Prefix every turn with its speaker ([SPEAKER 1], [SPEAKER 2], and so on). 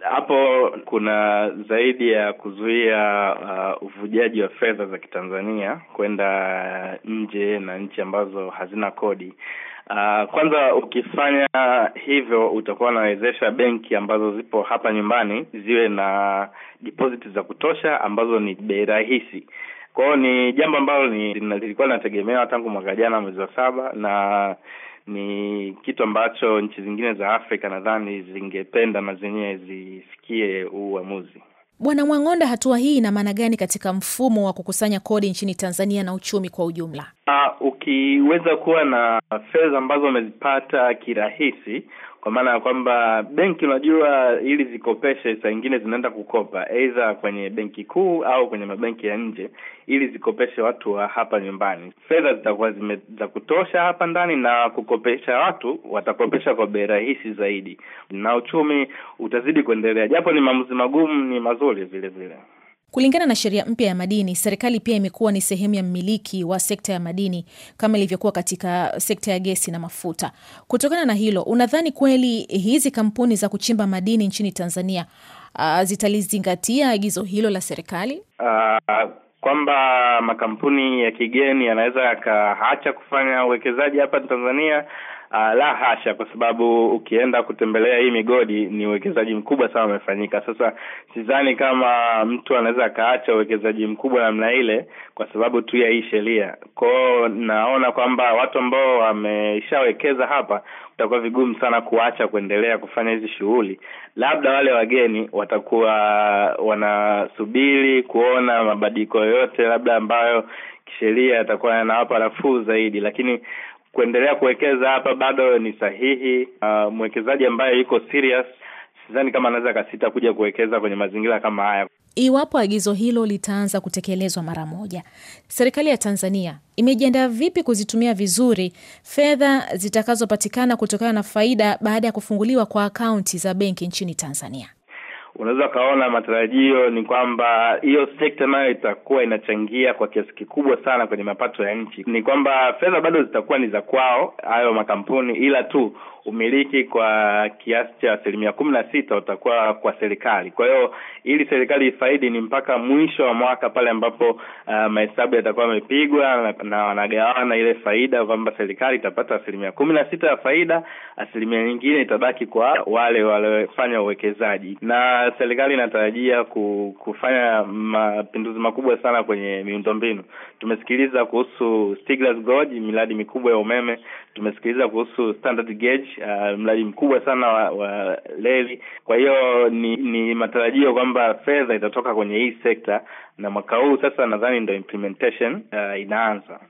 [SPEAKER 1] hapo kuna zaidi ya kuzuia uh, uvujaji wa fedha za Kitanzania kwenda nje na nchi ambazo hazina kodi. Uh, kwanza ukifanya hivyo utakuwa unawezesha benki ambazo zipo hapa nyumbani ziwe na deposit za kutosha ambazo ni bei rahisi. kwahio ni jambo ambalo lilikuwa linategemewa tangu mwaka jana mwezi wa saba na ni kitu ambacho nchi zingine za Afrika nadhani zingependa na zenyewe zisikie huu uamuzi.
[SPEAKER 2] Bwana Mwang'onda, hatua hii ina maana gani katika mfumo wa kukusanya kodi nchini Tanzania na uchumi kwa ujumla?
[SPEAKER 1] Uh, ukiweza kuwa na fedha ambazo umezipata kirahisi, kwa maana ya kwamba benki, unajua ili zikopeshe, saa nyingine zinaenda kukopa aidha kwenye benki kuu au kwenye mabenki ya nje, ili zikopeshe watu wa hapa nyumbani. Fedha zitakuwa za kutosha hapa ndani na kukopesha watu, watakopesha kwa bei rahisi zaidi, na uchumi utazidi kuendelea, japo ni maamuzi magumu, ni mazuri vile vile.
[SPEAKER 2] Kulingana na sheria mpya ya madini, serikali pia imekuwa ni sehemu ya mmiliki wa sekta ya madini kama ilivyokuwa katika sekta ya gesi na mafuta. Kutokana na hilo, unadhani kweli hizi kampuni za kuchimba madini nchini Tanzania uh, zitalizingatia agizo hilo la serikali
[SPEAKER 1] uh, kwamba makampuni ya kigeni yanaweza yakaacha kufanya uwekezaji hapa Tanzania Uh, la hasha, kwa sababu ukienda kutembelea hii migodi ni uwekezaji mkubwa sana umefanyika. Sasa sidhani kama mtu anaweza akaacha uwekezaji mkubwa namna ile kwa sababu tu ya hii sheria. Kwao naona kwamba watu ambao wameshawekeza hapa, utakuwa vigumu sana kuacha kuendelea kufanya hizi shughuli. Labda wale wageni watakuwa wanasubiri kuona mabadiliko yoyote labda ambayo kisheria yatakuwa yanawapa nafuu zaidi, lakini kuendelea kuwekeza hapa bado ni sahihi. Uh, mwekezaji ambaye yuko serious sidhani kama anaweza akasita kuja kuwekeza kwenye mazingira kama haya.
[SPEAKER 2] Iwapo agizo hilo litaanza kutekelezwa mara moja, serikali ya Tanzania imejiandaa vipi kuzitumia vizuri fedha zitakazopatikana kutokana na faida baada ya kufunguliwa kwa akaunti za benki nchini Tanzania?
[SPEAKER 1] unaweza ukaona matarajio ni kwamba hiyo sekta nayo itakuwa inachangia kwa kiasi kikubwa sana kwenye mapato ya nchi. Ni kwamba fedha bado zitakuwa ni za kwao hayo makampuni, ila tu umiliki kwa kiasi cha asilimia kumi na sita utakuwa kwa serikali. Kwa hiyo ili serikali ifaidi ni mpaka mwisho wa mwaka pale ambapo uh, mahesabu yatakuwa yamepigwa na wanagawana ile faida kwamba serikali itapata asilimia kumi na sita ya faida, asilimia nyingine itabaki kwa wale waliofanya uwekezaji. Na serikali inatarajia kufanya mapinduzi makubwa sana kwenye miundombinu. Tumesikiliza kuhusu Gorge, miradi mikubwa ya umeme. Tumesikiliza kuhusu standard gauge uh, mradi mkubwa sana wa, wa reli. Kwa hiyo ni, ni matarajio kwamba fedha itatoka kwenye hii sekta, na mwaka huu sasa nadhani ndo implementation uh, inaanza.